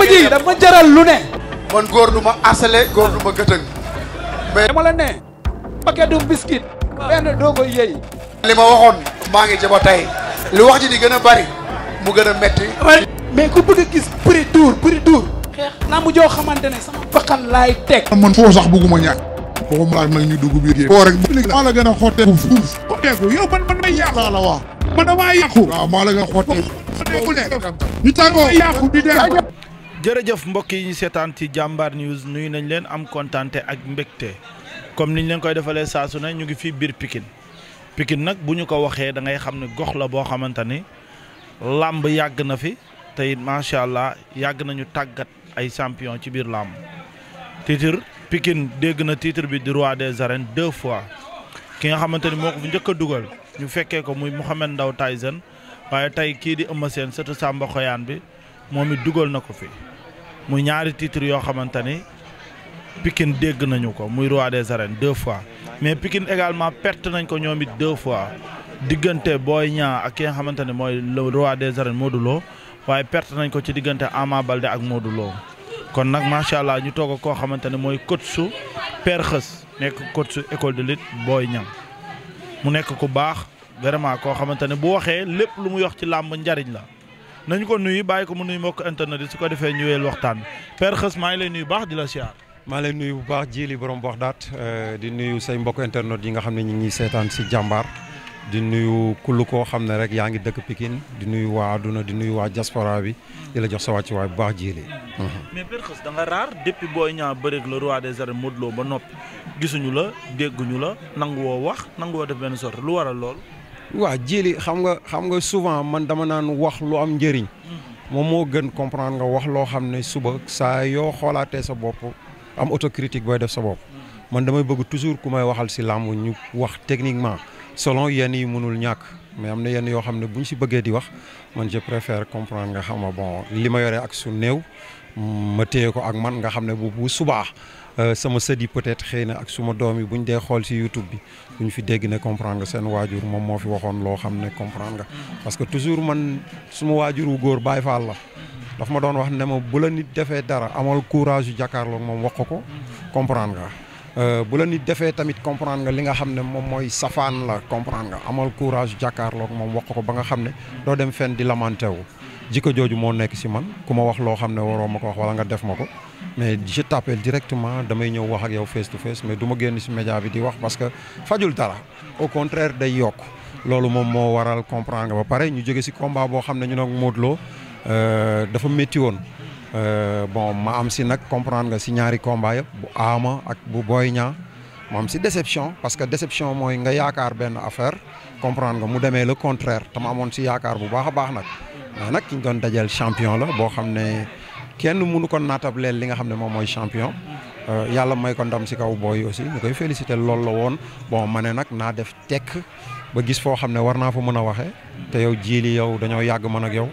lamb ji dafa jaral lu ne. man góor du ma asale góor du ma gëtëng. mais dama la ne. paquet du biscuit. benn doo koy yëy. li ma waxoon maa ngi jaba tey. lu wax ji di gën a bari mu gën a metti. mais ku bëgg a gis prix tour prix tour. xeex naa mu joo xamante ne sama bakkan laay teg. man foo sax bëgguma ñàkk. waxum laaj nag ñu dugg biir yéen. foo rek bu maa la gën a xottee. fuuf xotteeku yow man man may yàqu. laa la man damaa yàqu. waaw maa la gën a xottee. ñu jërëjëf mbokk yi ñu seetaan ci jàmbaar news nuy nañ leen am kontaan ak mbégte comme niñu leen koy defalee saasu su ne ñu ngi fii biir Pikine Pikine nag bu ñu ko waxee da ngay xam ne gox la boo xamante ni làmb yàgg na fi tey it macha allah yàgg nañu tàggat ay champion ci biir làmb titre Pikine dégg na titre bi di roi des arines deux fois ki nga xamante ni moo ko njëkk a dugal ñu fekkee ko muy Mouhamed ndaw Tyson waaye tey kii di Eumeu Sène sëtu Samba Xoyaan bi moom it dugal na ko fi. Munyari ñaari titre yoo xamante ni Pikine dégg nañu ko muy roi des arènes deux fois mais Pikine également perte nañ ko ñoom deux fois diggante Boy Niang ak ki nga xamante ne mooy le roi des arènes Modou Lo perte nañ ko ci diggante Ama balde ak Modou Lo kon nag macha allah ñu toog koo xamante ne mooy Père Xës nekk coach école de lutte Boy mu ku baax vraiment bu lu mu yox ci làmb njariñ la nañ ko nuyu bay ko mu nuyu mbok internet di su ko defé ñuyel waxtaan Père Xës ma lay nuyu bax di la siyaar nyi lay nuyu bu baax jili borom wax dat euh, di nuyu say mbok internet yi nga xam ñi ngi sétan si jambar, di nuyu kull ko xam rek yaangi dëkk Pikine di nuyu wa aduna, di nuyu wa diaspora bi di la jox sa way bu baax jili mhm. mais Père Xës da nga rar depuis Boy ñaan bëreeg le roi des armes modlo ba nopi gisunu la dégguñu la nang wo wax nang wo def ben sorte lu waral lool wa jeli xam nga xam nga souvent man dama nan wax lu am njëriñ mhm. moom mo gën comprendre nga wax lo xam ne suba sa yo xolaté sa bop am autocritique boy def sa bop mhm. man damay bëgg toujours kumay waxal ci lamb ñu wax techniquement selon yenn yi mënul ñak mais amna yenn yo xam ne ci bëggé di wax man je préfère comprendre nga xam bon li ma ak su neew ma téyé ko ak man nga xam ne bu suba Euh, sama sët yi peut-être xëy na ak suma doom yi bu dee xool si YouTube bi bu ñu fi dégg ne comprendre nga seen waajur moom moo fi waxoon loo xam ne comprendre nga parce que toujours man suma waajur góor Baay Faal la dafa ma doon wax ne ma bu la nit defee dara amal courage yu jàkkaarloog moom wax ko ko comprendre nga euh, bu la nit defee tamit comprendre nga li nga xam ne moom mooy safaan la comprendre amal courage jàkkaarloog moom wax ko ba nga xam ne doo dem fenn di lamenté wu jiko joju mo nek si man je wax lo mais je t'appelle directement damay wax ak face to face mais du ma ci média bi di wax parce que fajul dara au contraire day yok lolu mom mo waral comprendre nga ba pare ñu ci combat que xam ñu nak modlo euh dafa euh, bon ma am comprendre nga ci ñaari combat bu Ama ak bu ma déception parce que déception nga ben affaire comprendre nga mu le contraire tam ma si bu waaye nag ki ñu doon dajal champion la boo xam ne kenn mënu ko naatableel li nga xam ne moom mooy champion. Euh, yàlla may ko ndam si kaw booy aussi ñu koy félicité loolu la woon bon ma ne nag naa def tekk ba gis foo xam ne war naa fa mën a waxee. te yow jiili yow dañoo yàgg mën ak yow.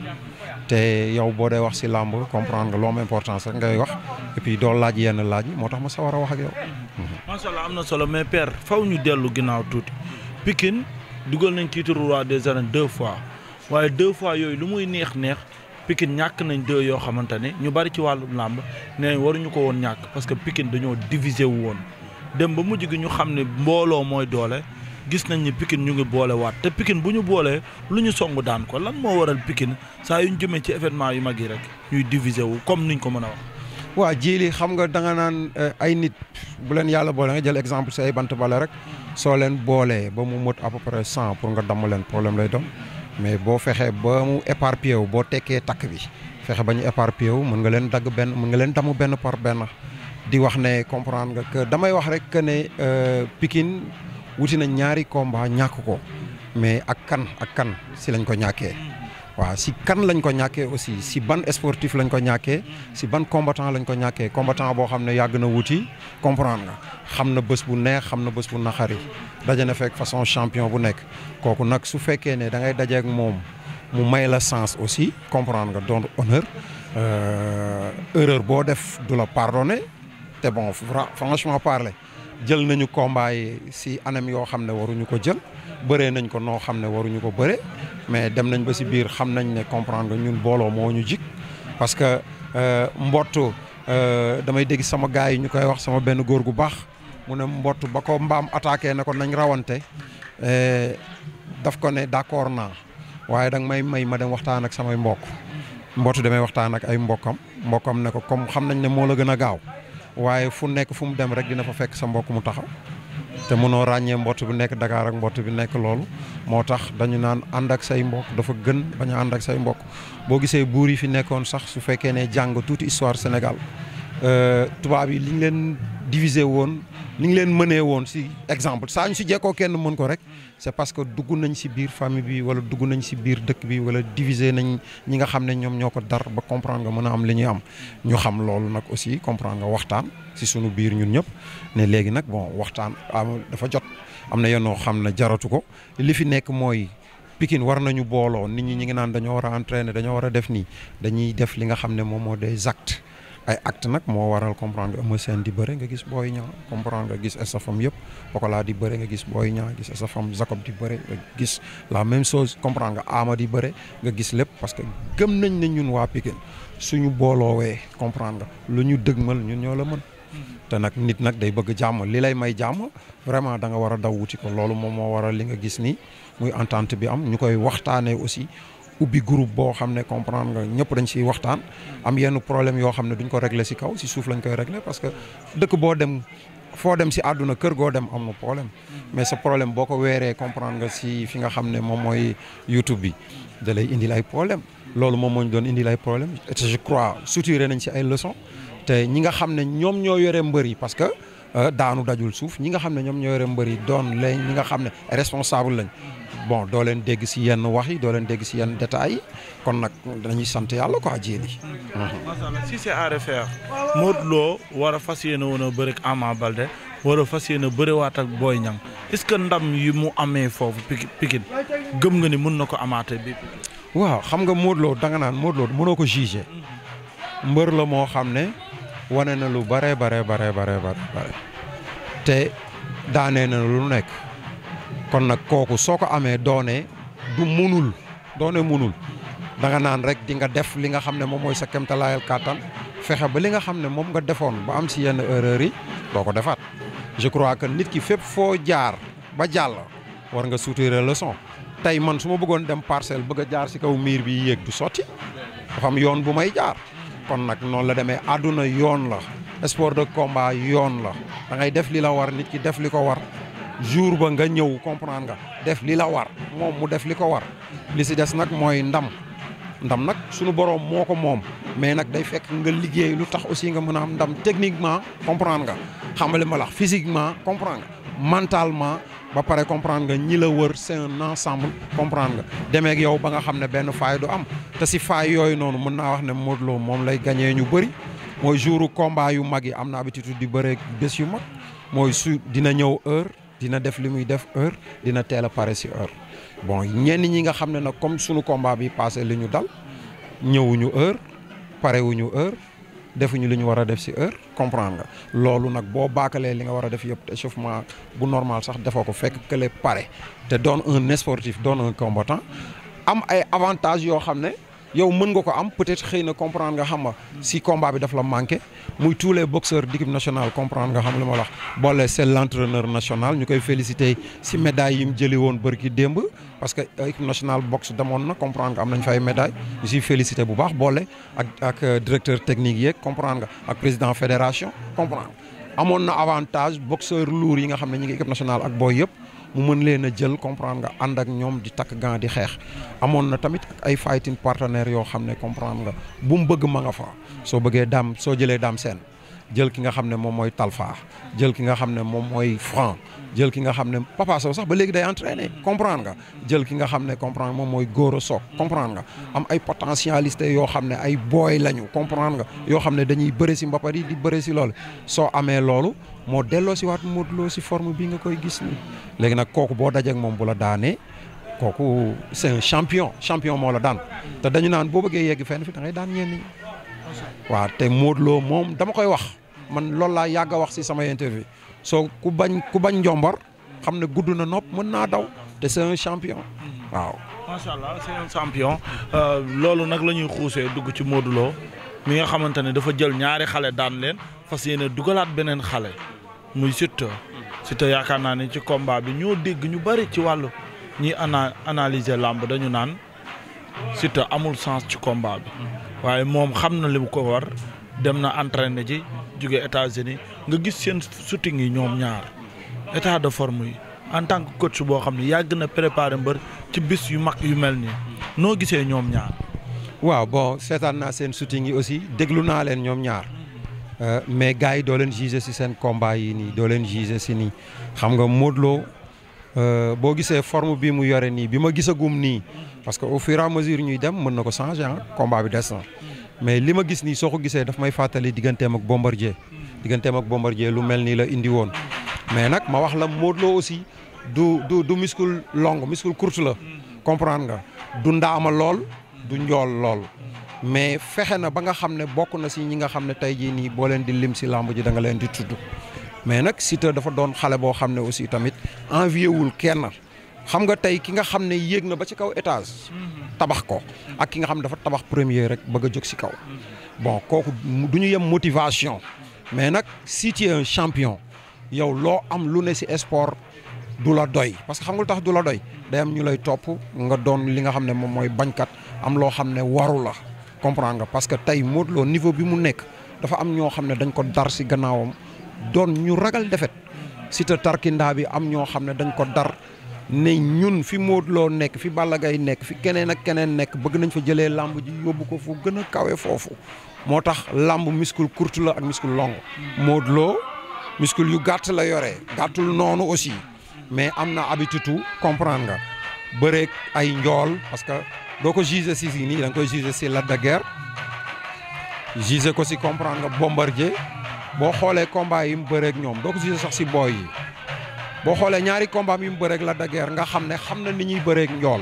te yow boo dee wax si làmb comprendre nga loom importance rek ngay wax et doo laaj yenn laaj yi moo tax ma sawar a wax ak yow. Mm-hmm. am na solo mais père faw ñu dellu ginnaaw tuuti Pikine dugal nañ titre roi des arènes deux fois. waaye deux fois yooyu lu muy neex neex Pikine ñàkk nañ deux yoo xamante ne ñu bari ci wàllum làmb nee waruñu ko woon ñàkk parce que pikin dañoo diviser wu woon dem ba mujj gi ñu xam ne mbooloo mooy doole gis nañ ni Pikine ñu ngi boole waat te Pikine bu ñu boolee lu ñu song daan ko lan moo waral pikin saa yu ñu jëmee ci événement yu mag yi rek ñuy diviser wu comme niñ ko mën a wax. waa jii jili xam nga da nga naan euh, ay nit bu leen yàlla boole nga jël exemple si ay bant bale rek soo leen boolee ba mu mot à peu près pour nga damm leen problème lay doon. mais boo fexee ba mu éparpillé wu boo tekkee takk bi fexe ba ñu éparpillé wu mën nga leen dagg benn mun nga leen damu benn par benn di wax ne comprendre nga damay wax rek que ne euh, Pikine wuti na ñaari combat ñàkk ko mais ak kan ak kan si lañ ko ñàkkee si kan lañ ko ñaké aussi si ban sportif lañ ko ñaké si ban combattant lañ ko ñaké combattant bo xamné yag na wuti comprendre nga xamna bëss bu neex xamna bëss bu naqari daje na façon champion bu nekk kooku nak su fekkee né da ngay ak mom mu may la sens aussi comprendre nga donc honneur euh, erreur bo def du la pardonner té bon franchement parler jël nañu combat yi si anam yo xamné ne waruñu ko jël bëree nañ ko noo xam ne waruñu ko bëre mais dem nañ ba si biir xam nañ ne comprendre nga ñun booloo moo ñu jik parce que euh, mbott euh, damay dégg sama gars yi ñu koy wax sama benn góor gu baax mu ne mbott ba ko mbaam attaqué na ko nañ rawante euh, daf ko ne d'accord naa waaye danga may may ma dem waxtaan ak samay mbokk mbott damay waxtaan ak ay mbokkam mbokkam ne ko comme xam nañ ne moo la gën a gaaw waaye fu nekk fu mu dem rek dina fa fekk sa mbokk mu taxaw te mënoo ràññee mbott bi nekk dakaar ak mbott bi nekk loolu moo tax dañu naan ànd ak say mbokk dafa gën bañ a ànd ak say mbokk boo gisee buur yi fi nekkoon sax su fekkee ne jàng tuuti histoire Sénégal euh, tubaab yi li ñu leen divisé woon li ñu leen mënee woon si exemple saa ñu si jekkoo kenn mën ko rek c'est parce que dugg nañ si biir famille bi wala dugg nañ si biir dëkk bi wala diviser nañ ñi nga xam ne ñoom ñoo ko dar ba comprendre nga mën a am li ñuy am. ñu xam loolu nag aussi comprendre nga waxtaan ci sunu biir ñun ñëpp ne léegi nag bon waxtaan dafa jot am na yenoo xam ne jaratu ko li fi nekk mooy. Pikine war nañu booloo nit ñi ñi ngi naan dañoo war a entraîner dañoo war a def nii dañuy def li nga xam ne moom moo des actes ay acte nag moo waral comprendre Eumeu Sène di bëre nga gis booy Niang comprendre nga gis estafam yëpp Pokola di bëre nga gis Boy Niang gis estafam Jacob di bëre nga gis la même chose comprendre nga Ama di lépp parce que gëm nañ ne ñun waa Pikine suñu booloowee comprendre nga lu ñu dëgmal ñun ñoo la mën mhm. te nag nit nag day bëgg jàmm li lay may jàmm vraiment da nga war a daw wuti ko loolu moom moo waral li nga gis ni muy entente bi am ñu koy waxtaanee aussi ubbi group boo xam ne comprendre nga ñëpp dañ siy waxtaan. am yenn problème yoo xam ne duñ ko régler si kaw si suuf lañ koy régler parce que dëkk boo dem foo dem si àdduna kër goo dem am na problème. mais sa problème boo ko weeree comprendre nga si fi nga xam ne moom mooy YouTube bi. da lay indil ay problème loolu moom moo doon indil ay problème et je crois suturé nañ si ay leçons. te ñi nga xam ne ñoom ñoo yoree mbër yi parce que. Euh, daanu dajul suuf ñi nga xam ne ñoom ñoo yore mbër yi doon lañ ñi nga xam ne responsable lañ bon doo leen dégg si yenn wax yi doo leen dégg si yenn détails yi kon nag dañuy sant yàlla ko jéeli. macha allah si c'est à war a fas yéene woon a bëri ak Ama Balde fas yéene bëriwaat ak Boy Niang est-ce que ndam yi mu amee foofu Pikine gëm nga ni mun na ko amaate bi waaw xam nga Modou Lo danga naan Modou Lo mënoo ko jugé mbër la moo xam ne. wane na lu bare bare bare bare bare te daanee na lu nekk kon nag kooku soo ko amee doone du munul doone munul danga naan rek di nga def li nga xam ne moom mooy sa kemtalaayal kàttan fexe ba li nga xam ne moom nga defoon ba am si yenn erreur yi doo ko defaat je crois que nit ki fépp foo jaar ba jàll war nga soutirer leçon tey man su ma bëggoon dem parcelle bëgg a jaar si kaw miir bi yéeg du sotti dafa am yoon bu may jaar kon nag noonu la demee àdduna yoon la sport de combat yoon la da ngay def li la war nit ki def li ko war jour ba nga ñëw comprendre nga def li la war moom mu def li ko war li si des nag mooy ndam ndam nag sunu boroom moo ko moom mais nag day fekk nga liggéey lu tax aussi nga mën a am ndam techniquement comprendre nga xamale ma lax physiquement comprendre nga mentalement ba pare comprendre nga ñi la wër c'est un ensemble comprendre nga demeek yow ba nga xam ne benn faay du am te si faay yooyu noonu mën naa wax ne Modou moom lay gañee ñu bëri mooy jouru combat yu mag yi am na habitude di bëree bés yu mag mooy su dina ñëw heure dina def li muy def heure dina teel a pare si heure bon ñenn ñi nga xam ne nag comme sunu combat bi passé li ñu dal ñëwuñu heure parewuñu heure defuñu liñu wara def ci heure comprendre nga loolu nag boo baakalee li nga wara def yëpp échauffement bu normal sax defoo ko fekk les paré te doon un sportif doon un combattant am ay avantages yo xamné yow mën nga ko am peut-être xëy na comprendre nga xam si combat bi daf la manqué muy tous les boxeurs d'équipe nationale comprendre nga xam li ma wax bolé c'est l'entraîneur national ñu koy féliciter si médaille yi mu jëli woon barki démb parce que euh, équipe nationale boxe demoon na comprendre nga am nañ fay médaille ñu siy féliciter bu baax bolé ak ak euh, directeur technique yeeg comprendre nga ak président fédération comprendre amoon na avantage boxeur lourd yi nga xam ne ñu ngi équipe nationale ak boy yëpp mu mën leen a jël comprendre nga ànd ak ñoom di takk gant di xeex amoon na tamit ay fighting partenaires yoo xam ne comprendre nga bu mu bëgg ma nga fa soo bëggee daam soo jëlee daam seen jël ki nga xam ne moom mooy Talfa jël ki nga xam ne moom mooy Franc jël ki nga xam ne Papa Sow sax ba léegi day entraîné comprendre nga jël ki nga xam ne comprendre moom mooy Goro Sock comprendre nga am ay potentialité yoo xam ne ay booy lañu comprendre nga yoo xam ne dañuy bëre si mbappat yi di bëre si loolu soo amee loolu moo delloo si waat Modou si forme bi nga koy gis nii léegi nag kooku boo dajeek moom bu la daanee kooku c'est un champion champion moo la daan te dañu naan boo bëggee yegg fenn fi da ngay daan ñenn ñi waaw te Modou moom dama koy wax man loolu laa yàgg a wax si sama interview soo ku bañ ku bañ njombar xam ne gudd na nopp mën naa daw te c'est champion waaw. macha allah c'est un champion euh, loolu nag lañuy ñuy xuusee dugg ci Modou Lo mi nga xamante ne dafa jël ñaari xale daan leen fas yéene dugalaat beneen xale. muy Siteu. Siteu yaakaar naa ne ci combat bi ñoo dégg ñu bari ci wàllu ñiy ana analyser làmb dañu naan Siteu amul sens ci combat bi. waaye moom xam na li mu ko war dem na entraîner ji jóge États-Unis nga gis seen shooting yi ñoom ñaar état de forme yi en tant que coach boo xam ne yàgg na préparer mbër ci bis yu mag yu mel ni noo gisee ñoom ñaar. waaw bon seetaan naa seen shooting yi aussi déglu naa leen ñoom ñaar. Euh, mais gars yi doo leen juger si seen combat yi nii doo leen juger si nii xam nga Modou Lo euh, boo gisee form bi mu yore nii bi ma gisagum nii parce que au fur et ñuy dem mën na ko changer ah combat bi des na mais li ma gis nii soo ko gisee dafa may fàttali digganteem ak Bombardier digganteem ak Bombardier lu mel nii la indi woon mais nag ma wax la mootloo aussi du du du muscle long muscle courte la comprendre nga du ndaama lool du njool lool mais fexe na ba nga xam bokku na si ñi nga xam tay ji ni bo di lim si lamb ji da nga leen di tuddu mais nak Siteu dafa doon xalé bo xam aussi tamit envier wul kenn xam nga tay ki nga xam yegg na ba ci kaw étage tabax ko ak ki nga dafa tabax premier rek bëgg jox ci si kaw bon koku duñu yem motivation mais nak si tu un champion yow lo am lu ne si sport du la doy parce que xam nga tax du doy day am ñu lay top nga doon li nga xamne mom moy bañkat am lo xamne waru la comprendre nga parce que tey Modou Lo niveau bi mu nekk dafa am ñoo xam ne dañ ko dar si gannaawam doon ñu ragal defet Siteu tarkindaa bi am ñoo xam ne dañ ko dar ne ñun fi Modou Lo nekk fi Balla Gaye nekk fi keneen ak keneen nekk bëgg nañ fa jëlee làmb ji yóbbu ko fu gën a kawe foofu moo tax làmb muscle courte la ak muscle long Modou Lo yu gàtt la yore gàttul noonu aussi mais am na habitude comprendre nga bëreek ay njool parce doo ko juger si si nii da koy juger si Lac de Guiers ko si comprendre nga Bombardier boo xoolee combat yi mu bëreeg ñoom doo ko juger sax si booy yi boo xoolee ñaari combat yi mu bëreeg Lac de nga xam ne xam na ni ñuy bëreek njool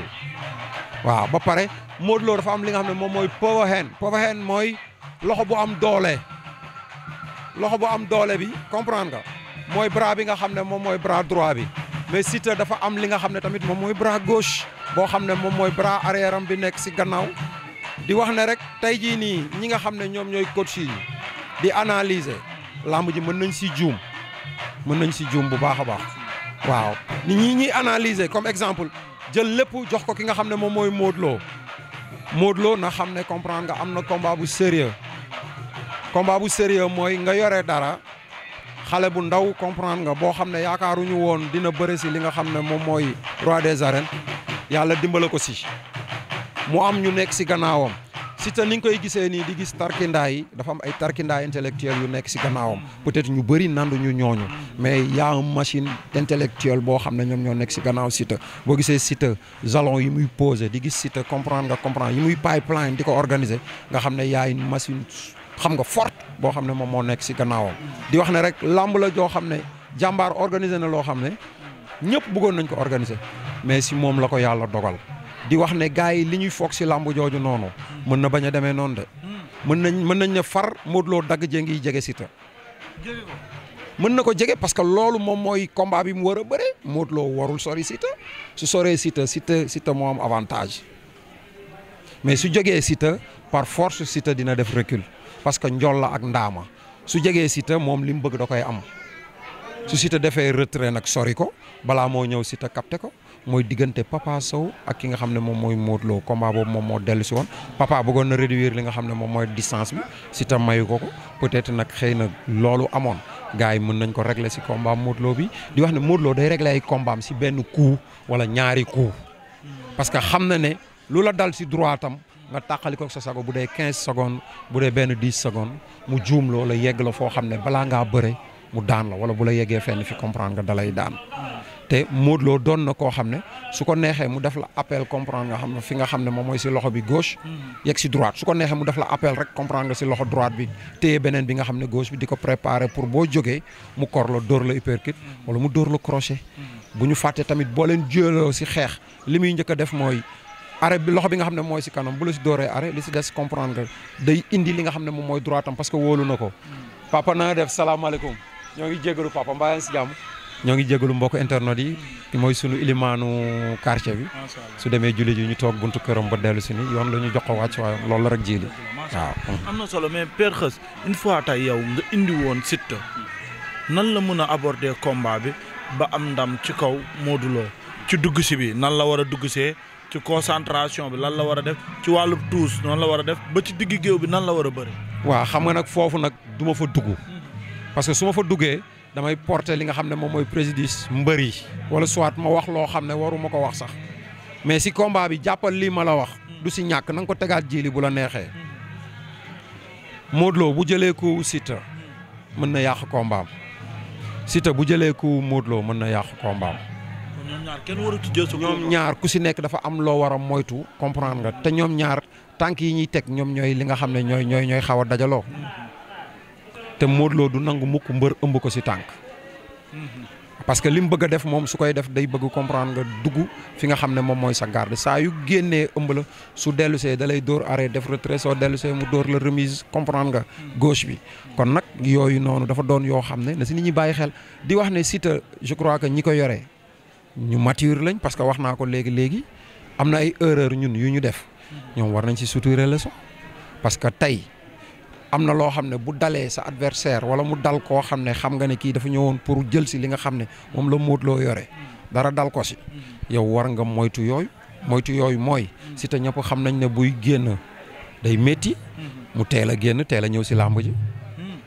waaw ba pare Modou Lo dafa am li nga xam ne moom mooy power hand power hand mooy loxo bu am doole loxo bu am doole bi comprendre nga mooy bras bi nga xam ne moom mooy bras droit bi mais Siteu dafa am li nga xam ne tamit moom mooy bras gauche boo xam ne moom mooy bras arrière am bi nekk si gannaaw di wax ne rek tey jii nii ñi nga xam ne ñoom ñooy coach yi di analyser lamb ji mën nañ si juum mën nañ si juum bu baax a baax waaw nit ñi ñuy analyser comme exemple jël lépp jox ko ki nga xam ne moom mooy Modou Lo Modou Lo na xam ne comprendre nga am na combat bu sérieux combat bu sérieux mooy nga yore dara xale bu ndaw comprendre nga boo xam ne yaakaaruñu woon dina bëre si li nga xam ne moom mooy roi des arènes yàlla dimbale ko si mu am ñu nekk si gannaawam Siteu ni nga koy gisee nii di gis tarkindaa yi dafa am ay tarkindaa intellectuel yu nekk si gannaawam peut-être ñu bëri nandu ñu ñooñu mais y a une machine intellectuelle boo xam ne ñoom ñoo nekk si gannaaw Siteu boo gisee Siteu jalon yi muy posé di gis Siteu comprendre nga comprendre yi muy pipeline di ko organiser nga xam ne y a machine xam nga forte bo xamne mom mo nek ci gannaaw di wax ne rek lamb la jo xamne ne organiser na lo xamne ñepp ñëpp bëggoon nañ ko organiser mais si mom la ko yalla dogal. di wax ne gaay li ñuy fokk ci lamb joju nonu mën na baña démé non mën nañ mën nañ ne far modlo dag jengi jégé ci ta mën na ko jege parce que loolu mom moy combat bi mu war modlo warul sori ta su ci ta ci ta mo am avantage mais su ci ta par force ta dina def recul. parce que njool la ak ndaama su jegee Siteu moom li mu bëgg da koy am su Siteu defee retrait nag sori ko balaa moo ñëw Siteu capté ko mooy diggante Papa Sow ak ki nga xam ne moom mooy Modou Lo boobu moom moo dellu si woon Papa bëggoon na réduire li nga xam ne moom mooy distance bi Siteu mayu ko ko peut-être nag xëy na loolu amoon gars yi mën nañ ko régler si combat mootloo bi di wax ne mootloo Lo day régler ay combaam si benn coup wala ñaari coup parce que xam na ne lu la si droit tam nga tàqali ko sa sago bu dee 15 secondes bu dee benn 10 secondes mu juum loo la yegg la foo xam ne balaa ngaa bëre mu daan la wala bu la yeggee fenn fi comprendre nga dalay daan. te Modou loo doon na koo xam ne su ko neexee mu def la appel comprendre nga xam ne fi nga xam ne moom mooy si loxo bi gauche. Mm-hmm. yegg si droite su ko neexee mu def la appel rek comprendre nga si loxo droite bi téye beneen bi nga xam ne gauche bi di ko préparer pour boo jógee mu kor la dóor la uppercut mm-hmm. wala mu dóor la crochet. Mm-hmm. bu ñu fàtte tamit boo leen jëloo si xeex li muy njëkk a mooy. arrêt bi loxo bi nga xam moy ci si kanam bu lu si doré arrêt li si dess comprendre day indi li nga xam mom moy droitam parce que wolu nako hmm. papa na nga def salaamaaleykum ñoo ngi jégalu papa mbaa ci jamm si jàmm. ngi jégalu mbokk internet yi moy sunu ilimaanu quartier bi. su démé julli ji ñu tok buntu kërëm ba délu si ni yoon lañu joxo wacc way wàcc loolu la rek jili amna solo mais Père Xeus une fois tay yow nga indi won site nan la mëna aborder combat bi ba am ndam ci kaw modulo ci dugg si bi nan la wara a dugg ci concentration bi lan la war a def ci wàllu tous noonu la war a def ba ci digg géew bi nan la war a bëri. waaw xam nga nag foofu nag du ma fa dugg parce que su ma fa duggee damay porter li nga xam ne moom mooy préjudice mbër yi wala soit ma wax loo xam ne waruma ko wax sax mais si combat bi jàppal lii ma la wax du si ñàkk na nga ko tegaat jili bu la neexee modlo bu jëlee ko Siteu mën na yàq combat am bu jëlee ko modlo mën na yàq combat am Nyar, ñaar kenn waru ci jël ñoom ñaar ku si nekk dafa am loo war a moytu comprendre nga te ñoom ñaar tànk yi ñuy teg ñoom ñooy li nga xam ne ñooy ñooy ñooy xaw a dajaloo du mukk ëmb ko parce que bëgg def mom su koy def day bëgg comprendre nga dugg fi nga xam ne sa garde saa yu génnee ëmb la su dellu see da lay arrêt def retrait soo dellu see mu dóor la remise comprendre nga gauche bi. kon nag yooyu noonu dafa doon yoo xam na nit ñi xel di wax ne Siteu je crois que ñi ko ñu mature lañ parce que wax naa ko léegi léegi am na ay erreur ñun yu ñu def ñoom war nañ si suturé leçon parce que tey am na loo xam ne bu dalee sa adversaire wala mu dal koo xam ne xam nga ne kii dafa ñëw woon pour jël si li nga xam ne moom la Modou loo yore dara dal ko si yow war nga moytu yooyu moytu yooyu mooy si te ñëpp xam nañ ne buy génn day métti mu teel a génn teel a ñëw si làmb ji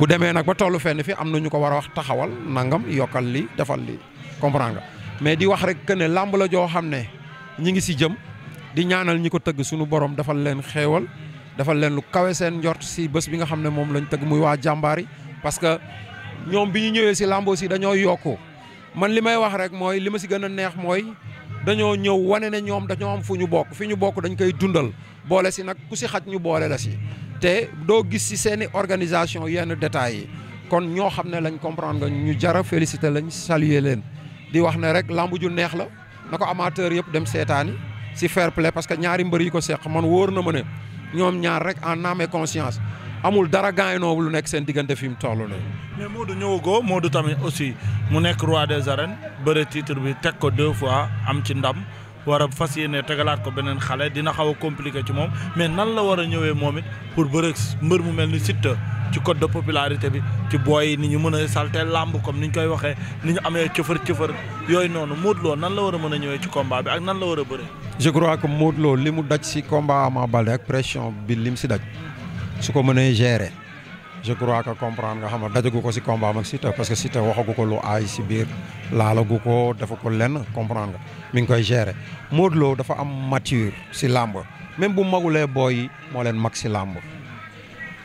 bu demee nag ba tollu fenn fi am na ñu ko war a wax taxawal nangam yokkal li defal li comprendre nga mais di wax rek que ne làmb la joo xam ne ñi ngi si jëm di ñaanal ñi ko tëgg suñu borom defal leen xéewal defal leen lu kawe seen njort si bés bi nga xam ne moom lañ tëgg muy waa jàmbaar yi parce que ñoom bi ñu ñëwee si làmb si dañoo yokk man li may wax rek mooy li ma si gën a neex mooy dañoo ñëw wane ne ñoom dañoo am fu ñu bokk fi ñu bokk dañ koy dundal boole si nag ku si xaj ñu boole la si te doo gis si seen i organisation yenn détails yi kon ñoo xam ne lañ comprendre nga ñu jara félicité lañ saluer leen di wax ne rek lamb ju neex la na ko amateur yëpp dem seetaani si fair play parce que ñaari mbër yi ko seq man wóor na ma ne ñoom ñaar rek en âme conscience amul dara gaañ noobu lu nekk seen diggante fi mu toll nii. mais Modou moo du tamit aussi mu nekk roi des arènes bëre titre bi teg ko deux fois am ci ndam. war a fas yéene tegalaat ko beneen xale dina xaw a compliqué ci moom mais nan la war a ñëwee moom it pour bëre mbër mu mel ni Siteu ci code de popularité bi ci booy ni ñu mën a saltee làmb comme ni ñu koy waxee ni ñu amee cëfër cëfër yooyu noonu Modou Lo nan la war a mën a ñëwee ci combat bi ak nan la war a bëre. je crois que Modou Lo li mu daj si combat Ama Baldé ak pression bi lim si daj su ko mënee gérer. je crois que comprendre nga xam ne dajagu ko si combat ak site parce que site waxagu ko lu ci bir la la guko dafa ko lenn comprendre nga mi ngi koy gérer modlo dafa am mature ci lamb même bu magulee boy mo len max ci lamb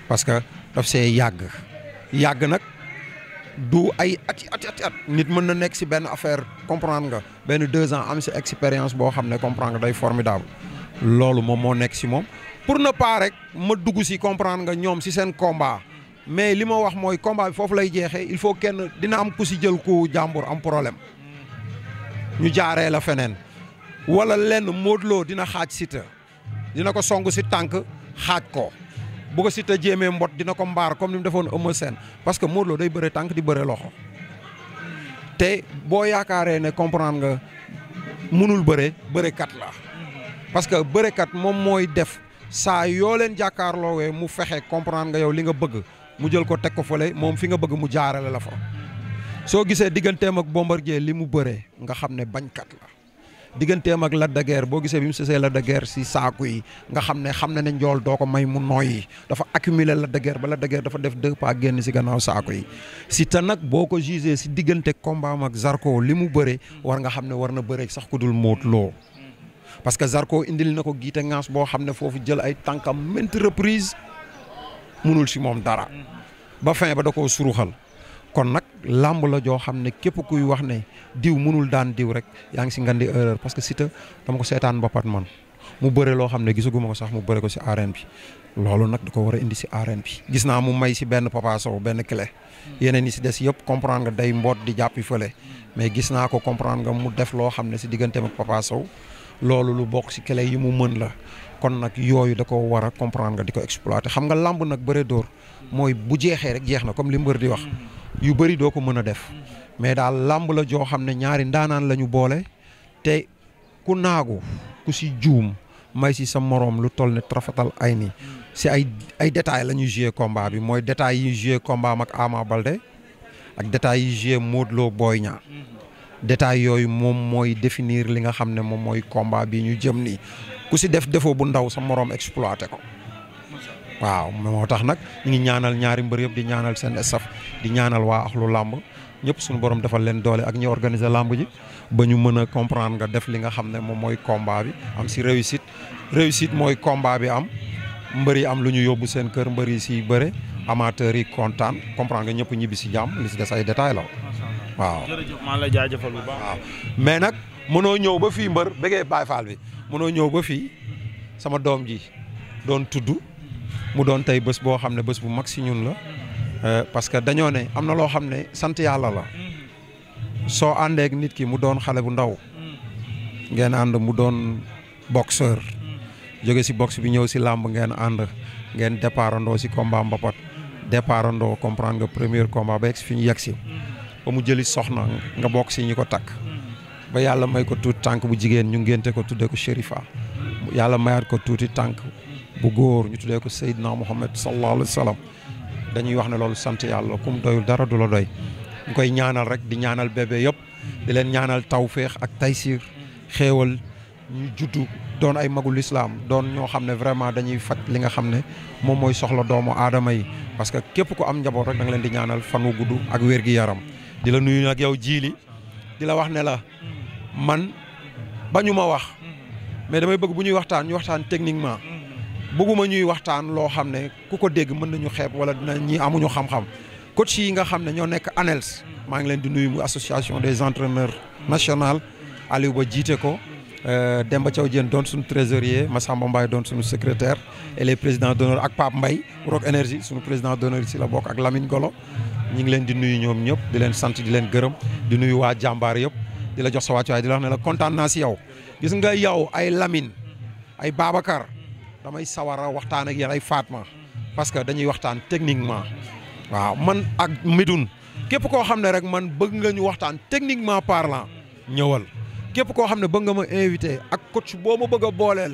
parce que daf c'est yag yag nak du ay at at at nit mën na nekk si affaire comprendre nga ben deux ans am ci expérience bo xam comprendre nga day formidable loolu mom mo nek ci mom pour ne pas rek ma dugg ci comprendre nga ñom ci sen combat. mais li ma wax mooy combat bi foofu lay jeexee il faut kenn dina am ku si jël ku jàmbur am problème ñu jaaree la feneen wala lenn Modou Lo dina xaaj sita dina ko song si tànk xaaj ko bu ko Siteu jéemee mbot dina ko mbaar comme ni mu defoon Eumeu seen parce que Modou Lo day bëre tànk di bëre loxo te boo yaakaaree ne comprendre nga mënul bëre bërekat la parce que bërekat moom mooy def saa yoo leen jàkkaarloowee mu fexe comprendre nga yow li nga bëgg. mu jël ko teg ko fële moom fi nga bëgg mu jaarale la fa soo gisee digganteem ak Bombardier li mu bëree nga xam ne bañkat la digganteem ak Lac de boo gisee bi mu sësee Lac si saaku yi nga xam ne xam na ne njool doo ko may mu nooyi dafa accumuler Lac de Guiers ba Lac dafa def deux pas génn si gannaaw saaku yi si te nag boo ko jugé si diggante combat ak Zarko li mu bëree war nga xam ne war na bëree sax ku dul Modou Lô parce que Zarko indil na ko giite ngaas boo xam ne foofu jël ay tànkam maintes mënul si moom dara ba fin ba da koo suruxal kon nag làmb la joo xam ne képp kuy wax ne diw mënul daan diw rek yaa ngi si ngandi erreur parce que ci Siteu dama ko seetaan mbapat man mu bëre loo xam ne gisaguma ko sax mu bëre ko si arène bi loolu nag da ko war a indi si arène bi gis naa mu may si benn Papa benn kile yeneen yi si des yëpp comprendre nga day mboot di jàppi fële mais gis naa ko comprendre nga mu def loo xam ne si diggante ak Papa loolu lu bokk ci clé yi mu mën la kon nag yooyu da ko war a comprendre nga di ko exploiter xam nga lamb nag bëre dóor mooy bu jeexee rek jeex na comme li mbër di wax yu bëri doo ko def mais daal lamb la joo xam ne ñaari ndaanaan la ñu boole te ku naagu ku ci juum may ci sa morom lu toll trafatal ay nii ci ay ay détail la ñuy jouer combat bi mooy détail yi jouer combat am Ama balde ak détail yi jouer Lo Boy détail yooyu moom mooy définir li nga xam ne moom mooy combat bi ñu jëm nii ku si def défaut bu ndaw sa moroom exploité ko waaw moo tax nag ñi ñaanal ñaari mbër yëpp di ñaanal seen staff di ñaanal waa axlu làmb ñëpp suñu borom defal leen doole ak ñi organiser làmb ji ba ñu mën a comprendre nga def li nga xam ne moom mooy combat bi am si réussite réussite mooy combat bi am mbër yi am lu ñu yóbbu seen kër mbër yi si bëre amateur yi kontaan comprendre nga ñëpp ñibbi si jàmm li si des ay waaw jërëjëf maa lay jaajëfal bu baax. waaw mais nag mënoo ñëw ba fii mbër bëggee Baye Fall bi mënoo ñëw ba fii sama doom ji doon tudd mu doon tey bés boo xam ne bés bu mag si ñun la euh, parce que dañoo ne am na loo xam ne sant yàlla la soo àndeek nit ki mu doon xale bu ndaw ngeen ànd mu doon boxeur jóge si box bi ñëw si làmb ngeen ànd ngeen départandoo si combat mbapat comprendre nga premier combat ba yegg fi ñu yegg si ba mu jëli soxna nga bokk si ñu ko takk ba yàlla may ko tuuti tànk bu jigéen ñu ngénte ko tuddee ko Sherifa yàlla mayaat ko tuuti tànk bu góor ñu tuddee ko Seydina Muhammad sallallahu alayhi wa dañuy wax ne loolu sant yàlla kum doyul dara du la doy ñu koy ñaanal rek di ñaanal bébé yëpp di leen ñaanal tawféex ak taysiir xéewal ñu juddu doon ay magul islam doon ñoo xam ne vraiment dañuy faj li nga xam ne moom mooy soxla doomu aadama yi parce que képp ku am njaboot rek da leen di ñaanal fan wu gudd ak wér yaram di la nuyu ak yow jiili di la wax ne la man ñu ma wax mais damay bëgg bu ñuy waxtaan ñu waxtaan techniquement bëgguma ñuy waxtaan loo xam ne ku ko dégg mën nañu xeeb wala dina ñi amuñu xam-xam si yi nga xam ne ñoo nekk ANELS maa ngi leen di nuyu mu association des entreneurs nationale Aliou Ba jiite ko euh, Demba Thiaw Diène doon suñu ma Massamba Mbaye doon suñu secrétaire et les présidents d'honneur ak Pape Mbaye Rock Énergie suñu président d'honneur si la bokk ak Lamine Golo ñi ngi leen di nuyu ñoom ñëpp di leen sant di leen gërëm di nuyu waa jàmbaar yëpp di la jox sa wàccuwaay di la wax ne la kontaan naa si yow gis nga yow ay Lamine ay Babacar damay sawar a waxtaan ak yéen ay Fatma parce que dañuy waxtaan techniquement waaw man ak Médoune képp koo xam ne rek man bëgg nga ñu waxtaan techniquement parlant ñëwal képp koo xam ne bëgg nga ma invité ak coach boo ma bëgg a booleel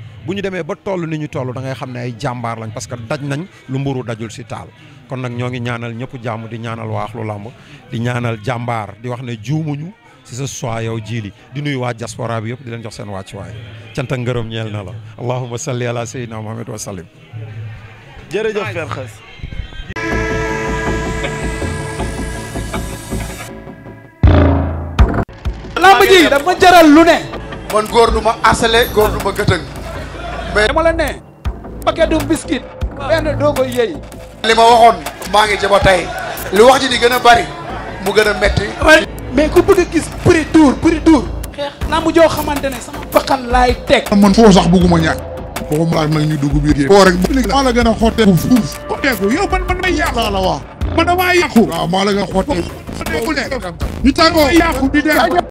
buñu démé ba tollu niñu tollu da ngay xamné ay jambar lañ parce que daj nañ lu mburu dajul ci taal kon nak ñogi ñaanal ñepp jaamu di ñaanal lu lamb di ñaanal jambar, di wax né juumuñu ci ce soir yow jili di nuyu wa diaspora bi yëpp di leen jox seen wacc way ak ngeerum ñeel na la allahumma salli ala sayyidina muhammad wa sallim jox fer Xeus lamb ji dafa jaral lu ne man gor duma asalé asale duma du dama la ne paquet du biscuit benn doo ko yëy li ma waxoon maa ngi jaba tey lu wax ji di gën a bari mu gën a metti mais ku bëgg a gis prix dur prix dur xeex naa mu joo ne sama bakkan laay teg man foo sax bëgguma ñàkk waxuma laa nag ñu dugg biir foo rek maa la gën a xotteeku fuuf xotteeku yow man man may yàqu la wax man damaa yàqu waaw maa la gën a xotteeku ñu tàggoo yàqu di dee